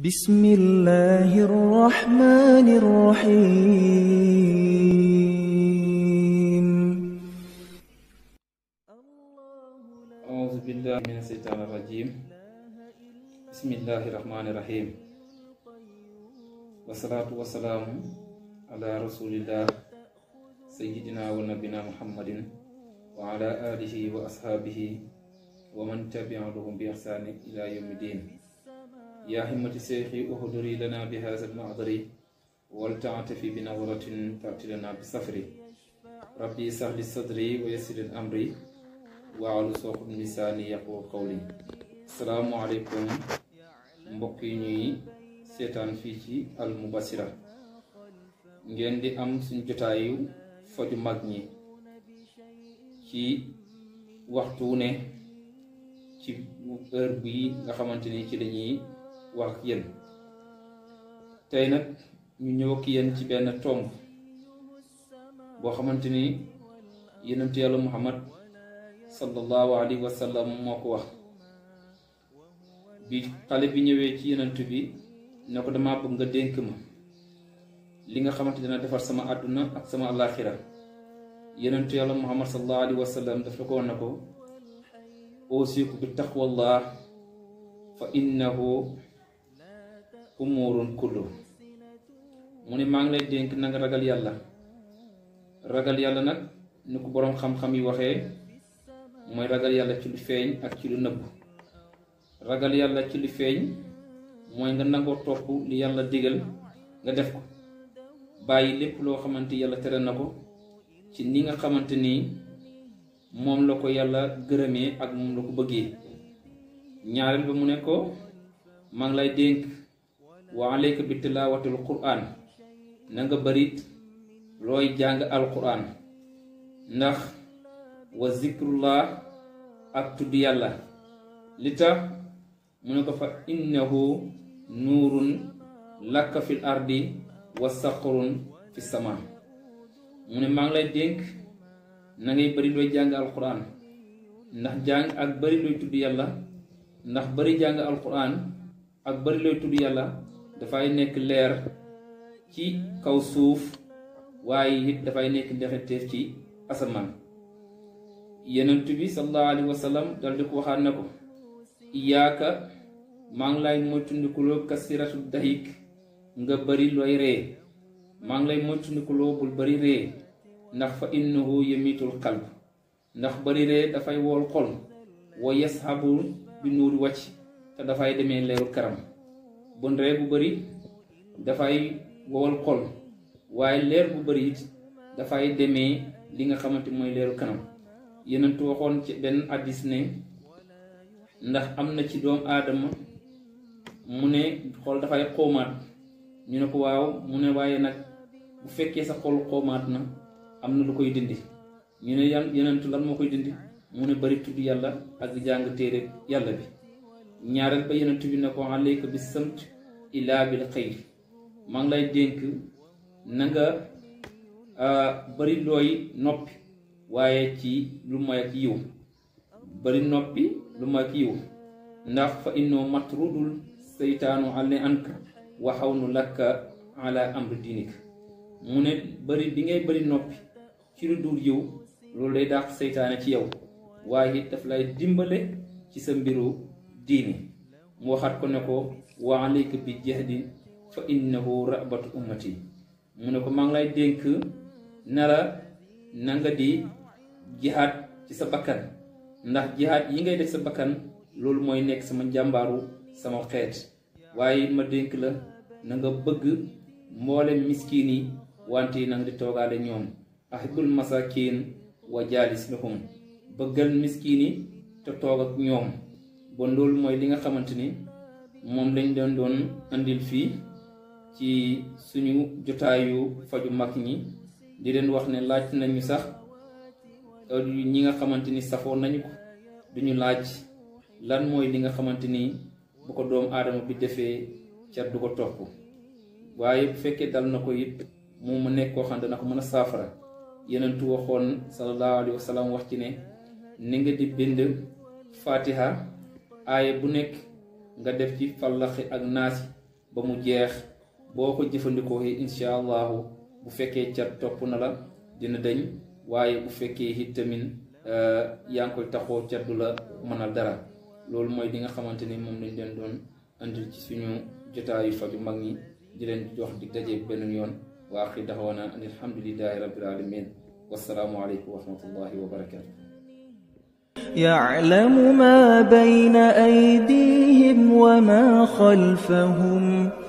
بسم الله الرحمن الرحيم أعوذ بالله من الشيطان الرجيم بسم الله الرحمن الرحيم والصلاة والسلام على رسول الله سيدنا ونبينا محمد وعلى آله وأصحابه ومن تبعهم بإحسان إلى يوم الدين يا همة سيخي اهدري لنا بهذا المعذر ولتعتفي بنظرة تأتي لنا بسفري ربي سهل لي صدري ويسر الأمر وعلى سوق لساني يقول قولي السلام عليكم مبقيني yi ñuy seetaan fii ci al mubasira ngeen di am suñ jotaayu faju mag ñi ci waxtu ne ci heure nga ci wax ak yéen tey nag ñu ñëw ki yéen ci benn tomb boo xamante ni yonent yàlla Muhammad sallallahu alayhi wa sallam moo ko wax bi xale bi ñëwee ci yonent bi ne ko dama bëgg nga dénk ma li nga xamante dina defar sama àdduna ak sama alaaxira yonent yàlla Muhammad sallallahu alayhi wa sallam dafa ko ne ko ausiku bi taqwallah fa innahu umuurun kullu mu ne maa ngi lay dénk nanga ragal yàlla ragal yàlla nag nu ko boroom xam-xam yi waxee mooy ragal yàlla ci lu feeñ ak ci lu nëbb ragal yàlla ci lu feeñ mooy nga nangoo topp li yàlla digal nga def ko bàyyi lépp loo xamante yàlla tere na ko ci ni nga xamante ni moom la ko yàlla gërëmee ak moom la ko bëggee ñaareel ba mu ne ko maa ngi lay dénk wa alayka bi tilawatil quran na nga bërit looy alquran ndax wa zikrullah ak tudd yàlla li tax fa innahu nurun lakka fil ardi wa saqarun fi sama mu ne maa lay dénk na ngay bëri jang alquran ndax jàng ak bëri looy tudd yàlla ndax bëri jàng alquran ak bëri looy tudd dafay nekk leer ci kaw suuf waaye it dafay nekk ndexeteef ci asamaan yenent bi sallallahu alayhi wa sallam dal ko waxaat na ko iyaaka maa ngi lay moytundikuloo kasiratu dahik nga bari looy ree maa ngi lay moytundikuloo bul bari ree ndax fa innahu yamitul qalb ndax bari ree dafay wool xol wa yashabu bi nuuri wàcc te dafay demee leeru karam bon ree bu bëri dafay wowal xol waaye leer bu bari it dafay demee li nga xamante mooy leeru kanam yenentu waxoon ci benn addis ne ndax am na ci doomu aadama mu ne xol dafay xomaat ñu ne ko waaw mu ne waaye nag bu fekkee sa xol xoomaat na am na lu koy dindi ñu ne yan yenentu lan moo koy dindi mu ne bëri tudd yàlla ak jàng téere yàlla bi ñaareel ba yonent bi na ko alayka bi samt ilaa bil xayr maa ngi lay dénk na nga bari looy noppi waaye ci lu moy ak yiw bari noppi lu moy ak yiw ndax fa innoo matrudul seytaanu ale anka waxaw nu lakka ala amri diinik mu ne bari bi ngay bari noppi ci lu dul yiw loolu day dàq seytaane ci yow waaye it daf lay dimbale ci sa mbiru diini mu waxaat ko ne ko wa alayka bi jahdi fa innahu rabatu ummati mu ne ko maa ngi lay dénk nara nanga nga di jihaat ci sa bakkan ndax jihaat yi ngay def sa bakkan loolu mooy nekk sama njàmbaaru sama xeet waaye ma dénk la na nga bëgg mboole miskiin yi wante yi na nga di toogaale ñoom ahibul masakin wa jaalis lahum bëggal miskiin yi te toog ak ñoom bon loolu mooy li nga xamante ni moom lañ doon doon andil fii ci suñu jotaayu faju mag ñi di leen wax ne laaj nañu sax euh, ñi nga xamante ni safoo nañu ko duñu laaj lan mooy li nga xamante ni bu ko doom aadama bi defee ca du ko topp waaye bu fekkee dal na ko it moom mu nekk koo xam dana ko mën a saafara yenentu waxoon sallallahu alayhi wa wax ci ne ni nga di bind fatiha aaya bu nekk nga def ci fallaxi ak naasi ba mu jeex boo ko jëfandikoo incha allahu bu fekkee cat topp na la dina dañ waaye bu fekkee it tamit eh, yaa ngi koy taxoo cat du la mënal dara loolu mooy li nga xamante ni moom lañ leen doon andil ci suñu jotaayu faju mag ñi di leen jox di daje benn yoon waa axir daxawana an alhamdulillahi rabbil alamin wasalaamu aleykum wa rahmatullahi wa barakatu يعلم ما بين أيديهم وما خلفهم